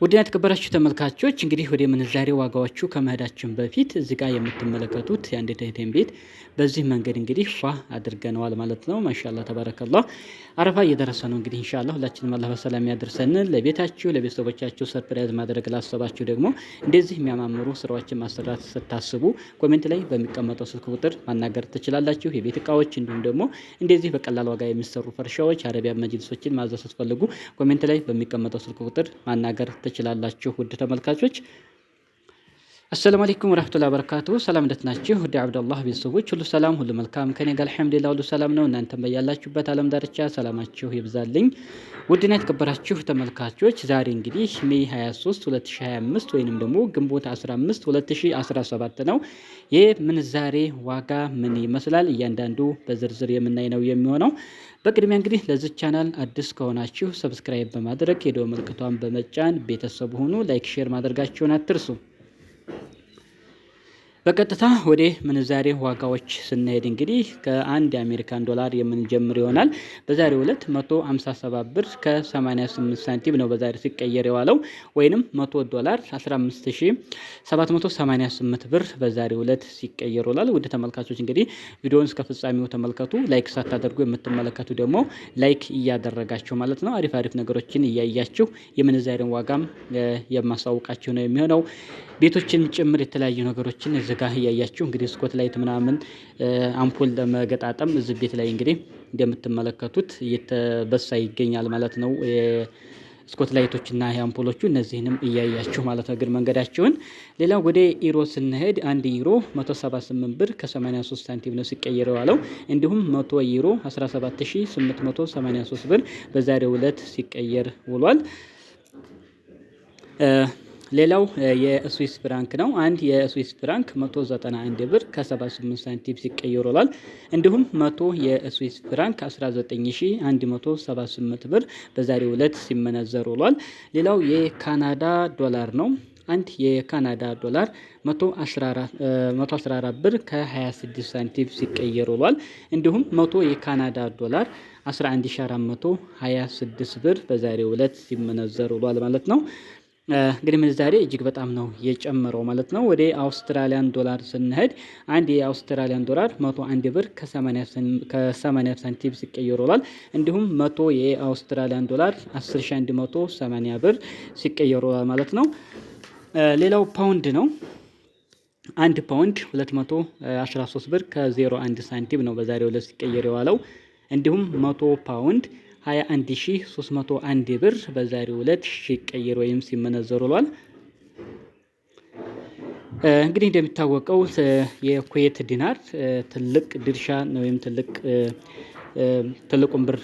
ውድና የተከበራችሁ ተመልካቾች እንግዲህ ወደ ምንዛሬ ዋጋዎቹ ከመሄዳችን በፊት እዚህ ጋር የምትመለከቱት የአንድ እህቴን ቤት በዚህ መንገድ እንግዲህ ፏ አድርገነዋል ማለት ነው። ማሻላ ተባረከላ። አረፋ እየደረሰ ነው እንግዲህ እንሻላ ሁላችንም አላህ በሰላም ያደርሰን። ለቤታችሁ ለቤተሰቦቻችሁ ሰርፕራይዝ ማድረግ ላሰባችሁ ደግሞ እንደዚህ የሚያማምሩ ስራዎችን ማሰራት ስታስቡ ኮሜንት ላይ በሚቀመጠው ስልክ ቁጥር ማናገር ትችላላችሁ። የቤት እቃዎች እንዲሁም ደግሞ እንደዚህ በቀላል ዋጋ የሚሰሩ ፈርሻዎች፣ አረቢያ መጅልሶችን ማዘዝ ስትፈልጉ ኮሜንት ላይ በሚቀመጠው ስልክ ቁጥር ማናገር ትችላላችሁ። ውድ ተመልካቾች አሰላሙ አለይኩም ወራህመቱላሂ ወበረካቱ። ሰላም እንደት ናችሁ? ዲ አብዱላህ ቤተሰቦች ሁሉ ሰላም ሁሉ መልካም ከኔ ጋር አልሐምዱሊላህ ሁሉ ሰላም ነው። እናንተም በያላችሁበት ዓለም ዳርቻ ሰላማችሁ ይብዛልኝ። ውድና የተከበራችሁ ተመልካቾች ዛሬ እንግዲህ ሜይ 23 2025 ወይንም ደግሞ ግንቦት 15 2017 ነው። የምንዛሬ ዋጋ ምን ይመስላል? እያንዳንዱ በዝርዝር የምናይ ነው የሚሆነው በቅድሚያ እንግዲህ ለዚህ ቻናል አዲስ ከሆናችሁ ሰብስክራይብ በማድረግ የደወል ምልክቷን በመጫን ቤተሰብ ሁኑ። ላይክ፣ ሼር ማድረጋችሁን አትርሱ። በቀጥታ ወደ ምንዛሬ ዋጋዎች ስንሄድ እንግዲህ ከአንድ የአሜሪካን ዶላር የምንጀምር ይሆናል። በዛሬው ዕለት 157 ብር ከ88 ሳንቲም ነው በዛሬ ሲቀየር የዋለው ወይንም 100 ዶላር 15788 ብር በዛሬው ዕለት ሲቀየር ውሏል። ውድ ተመልካቾች እንግዲህ ቪዲዮውን እስከ ፍጻሜው ተመልከቱ። ላይክ ሳታደርጉ የምትመለከቱ ደግሞ ላይክ እያደረጋችሁ ማለት ነው። አሪፍ አሪፍ ነገሮችን እያያችሁ የምንዛሬን ዋጋም የማስታወቃችሁ ነው የሚሆነው ቤቶችን ጭምር የተለያዩ ነገሮችን እዚህ ጋር እያያችሁ እንግዲህ ስኮት ላይት ምናምን አምፖል ለመገጣጠም እዚህ ቤት ላይ እንግዲህ እንደምትመለከቱት እየተበሳ ይገኛል ማለት ነው። ስኮት ላይቶችና የአምፖሎቹ እነዚህንም እያያችሁ ማለት ነው። ግን መንገዳችሁን ሌላ ወደ ኢሮ ስንሄድ አንድ ኢሮ 178 ብር ከ83 ሳንቲም ነው ሲቀየር የዋለው። እንዲሁም 100 ኢሮ 17883 ብር በዛሬው ዕለት ሲቀየር ውሏል። ሌላው የስዊስ ፍራንክ ነው። አንድ የስዊስ ፍራንክ 191 ብር ከ78 ሳንቲም ሲቀየር እንዲሁም 100 የስዊስ ፍራንክ 19178 ብር በዛሬው ዕለት ሲመነዘር ውሏል። ሌላው የካናዳ ዶላር ነው። አንድ የካናዳ ዶላር 114 ብር ከ26 ሳንቲም ሲቀየር ውሏል። እንዲሁም 100 የካናዳ ዶላር 11426 ብር በዛሬው ዕለት ሲመነዘር ውሏል ማለት ነው። እንግዲህ ምንዛሬ እጅግ በጣም ነው የጨመረው ማለት ነው። ወደ አውስትራሊያን ዶላር ስንሄድ አንድ የአውስትራሊያን ዶላር 101 ብር ከ80 ሳንቲም ሲቀየር ውሏል። እንዲሁም 100 የአውስትራሊያን ዶላር 10180 ብር ሲቀየር ውሏል ማለት ነው። ሌላው ፓውንድ ነው። አንድ ፓውንድ 213 ብር ከ01 ሳንቲም ነው በዛሬው ዕለት ሲቀየር የዋለው። እንዲሁም 100 ፓውንድ 21301 ብር በዛሬው ዕለት ሲቀየር ወይም ሲመነዘር ውሏል። እንግዲህ እንደሚታወቀው የኩዌት ዲናር ትልቅ ድርሻ ወይም ትልቅ ትልቁን ብር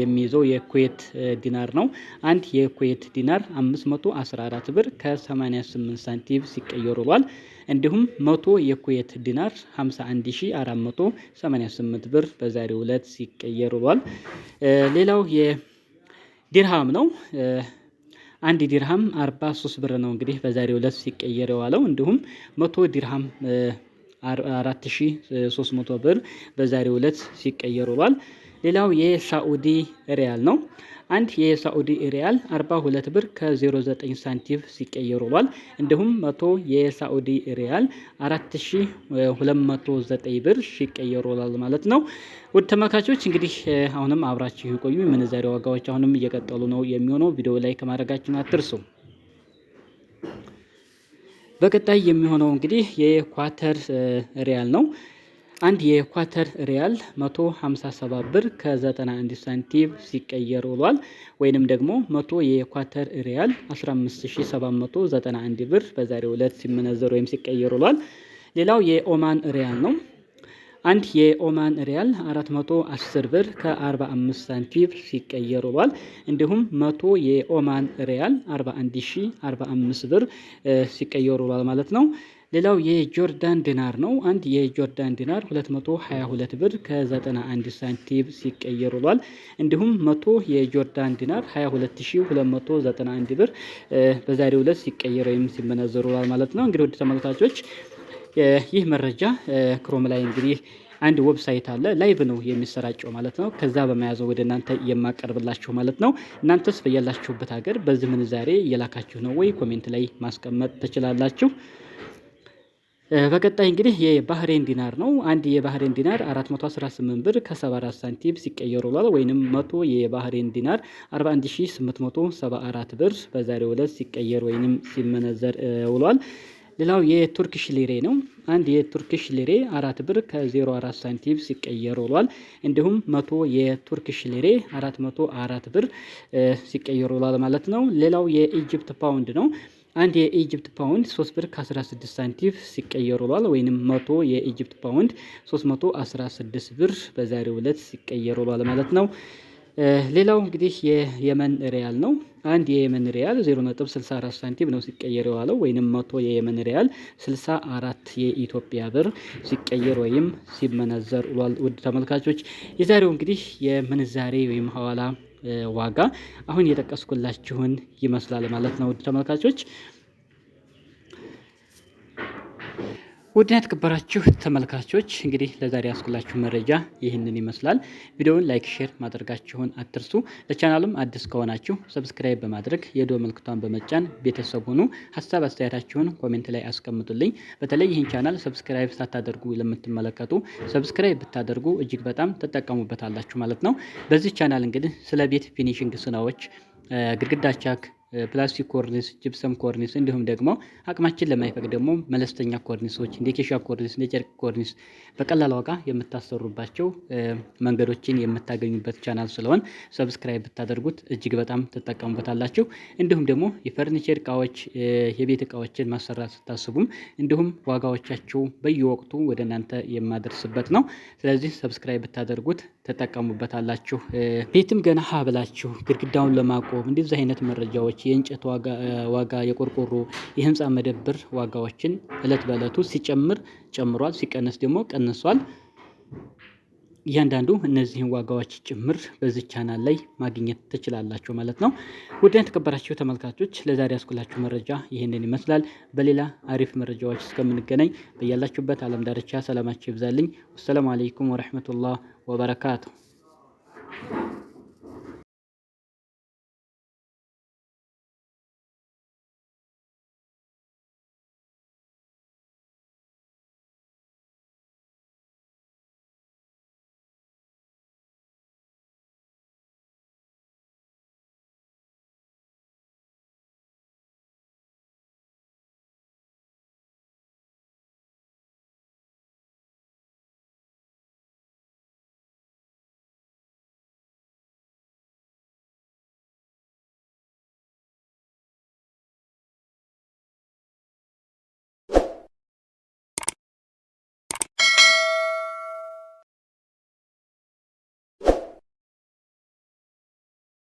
የሚይዘው የኩዌት ዲናር ነው። አንድ የኩዌት ዲናር 514 ብር ከ88 ሳንቲም ሲቀየር ውሏል። እንዲሁም 100 የኩዌት ዲናር 51488 ብር በዛሬው ዕለት ሲቀየር ውሏል። ሌላው የዲርሃም ነው። አንድ ዲርሃም 43 ብር ነው እንግዲህ በዛሬው ዕለት ሲቀየር የዋለው እንዲሁም 100 ዲርሃም 4300 ሺ ብር በዛሬ ዕለት ሲቀየር ውሏል። ሌላው የሳዑዲ ሪያል ነው። አንድ የሳዑዲ ሪያል 42 ብር ከ09 ሳንቲም ሲቀየር ውሏል። እንዲሁም 100 የሳዑዲ ሪያል 4209 ብር ሲቀየር ውሏል ማለት ነው። ውድ ተመልካቾች እንግዲህ አሁንም አብራችሁ ይቆዩ። የምንዛሬ ዋጋዎች አሁንም እየቀጠሉ ነው የሚሆነው። ቪዲዮ ላይ ከማድረጋችን አትርሱ። በቀጣይ የሚሆነው እንግዲህ የኳተር ሪያል ነው። አንድ የኳተር ሪያል 157 ብር ከ91 ሳንቲም ሲቀየር ውሏል። ወይንም ደግሞ 100 የኳተር ሪያል 15791 ብር በዛሬው ዕለት ሲመነዘር ወይም ሲቀየር ውሏል። ሌላው የኦማን ሪያል ነው። አንድ የኦማን ሪያል 410 ብር ከ45 ሳንቲም ሲቀየር ውሏል። እንዲሁም 100 የኦማን ሪያል 41045 ብር ሲቀየር ውሏል ማለት ነው። ሌላው የጆርዳን ዲናር ነው። አንድ የጆርዳን ዲናር 222 ብር ከ91 ሳንቲም ሲቀየር ውሏል። እንዲሁም 100 የጆርዳን ዲናር 22291 ብር በዛሬው ዕለት ሲቀየር ወይም ሲመነዘር ውሏል ማለት ነው። እንግዲህ ወደ ተመልካቾች ይህ መረጃ ክሮም ላይ እንግዲህ አንድ ዌብሳይት አለ። ላይቭ ነው የሚሰራጨው ማለት ነው። ከዛ በመያዘው ወደ እናንተ የማቀርብላችሁ ማለት ነው። እናንተስ በያላችሁበት ሀገር በዚህ ምንዛሬ እየላካችሁ ነው ወይ? ኮሜንት ላይ ማስቀመጥ ትችላላችሁ። በቀጣይ እንግዲህ የባህሬን ዲናር ነው። አንድ የባህሬን ዲናር 418 ብር ከ74 ሳንቲም ሲቀየሩ ውሏል። ወይንም 100 የባህሬን ዲናር 41874 ብር በዛሬው ዕለት ሲቀየር ወይንም ሲመነዘር ውሏል። ሌላው የቱርክሽ ሊሬ ነው። አንድ የቱርክሽ ሊሬ አራት ብር ከ04 ሳንቲም ሲቀየር ውሏል። እንዲሁም መቶ የቱርክሽ ሊሬ 404 ብር ሲቀየር ውሏል ማለት ነው። ሌላው የኢጅፕት ፓውንድ ነው። አንድ የኢጅፕት ፓውንድ 3 ብር ከ16 ሳንቲም ሲቀየር ውሏል። ወይንም መቶ የኢጅፕት ፓውንድ 316 ብር በዛሬው ዕለት ሲቀየር ውሏል ማለት ነው። ሌላው እንግዲህ የየመን ሪያል ነው። አንድ የየመን ሪያል 0.64 ሳንቲም ነው ሲቀየር የዋለው ወይም መቶ የየመን ሪያል 64 የኢትዮጵያ ብር ሲቀየር ወይም ሲመነዘር ውሏል። ውድ ተመልካቾች የዛሬው እንግዲህ የምንዛሬ ወይም ሐዋላ ዋጋ አሁን የጠቀስኩላችሁን ይመስላል ማለት ነው። ውድ ተመልካቾች ውድና የተከበራችሁ ተመልካቾች እንግዲህ ለዛሬ ያስኩላችሁ መረጃ ይህንን ይመስላል። ቪዲዮውን ላይክ፣ ሼር ማድረጋችሁን አትርሱ። ለቻናሉም አዲስ ከሆናችሁ ሰብስክራይብ በማድረግ የዶ ምልክቷን በመጫን ቤተሰብ ሁኑ። ሀሳብ አስተያየታችሁን ኮሜንት ላይ አስቀምጡልኝ። በተለይ ይህን ቻናል ሰብስክራይብ ሳታደርጉ ለምትመለከቱ ሰብስክራይብ ብታደርጉ እጅግ በጣም ትጠቀሙበታላችሁ ማለት ነው። በዚህ ቻናል እንግዲህ ስለ ቤት ፊኒሽንግ ስናዎች ግድግዳ ቻክ ፕላስቲክ ኮርኒስ፣ ጅፕሰም ኮርኒስ እንዲሁም ደግሞ አቅማችን ለማይፈቅድ ደግሞ መለስተኛ ኮርኒሶች እንደ ኬሻ ኮርኒስ፣ እንደ ጨርቅ ኮርኒስ በቀላል ዋጋ የምታሰሩባቸው መንገዶችን የምታገኙበት ቻናል ስለሆን ሰብስክራይብ ብታደርጉት እጅግ በጣም ትጠቀሙበታላችሁ። እንዲሁም ደግሞ የፈርኒቸር እቃዎች የቤት እቃዎችን ማሰራት ስታስቡም እንዲሁም ዋጋዎቻቸው በየወቅቱ ወደ እናንተ የማደርስበት ነው። ስለዚህ ሰብስክራይብ ብታደርጉት ተጠቀሙበታላችሁ። ቤትም ገና ሀ ብላችሁ ግድግዳውን ለማቆም እንደዚህ አይነት መረጃዎች የእንጨት ዋጋ፣ የቆርቆሮ፣ የህንፃ መደብር ዋጋዎችን እለት በእለቱ ሲጨምር ጨምሯል፣ ሲቀንስ ደግሞ ቀንሷል እያንዳንዱ እነዚህን ዋጋዎች ጭምር በዚህ ቻናል ላይ ማግኘት ትችላላችሁ ማለት ነው። ውድ የተከበራችሁ ተመልካቾች ለዛሬ ያስኩላችሁ መረጃ ይህንን ይመስላል። በሌላ አሪፍ መረጃዎች እስከምንገናኝ በያላችሁበት ዓለም ዳርቻ ሰላማችሁ ይብዛልኝ። ወሰላሙ አለይኩም ወረህመቱላህ ወበረካቱ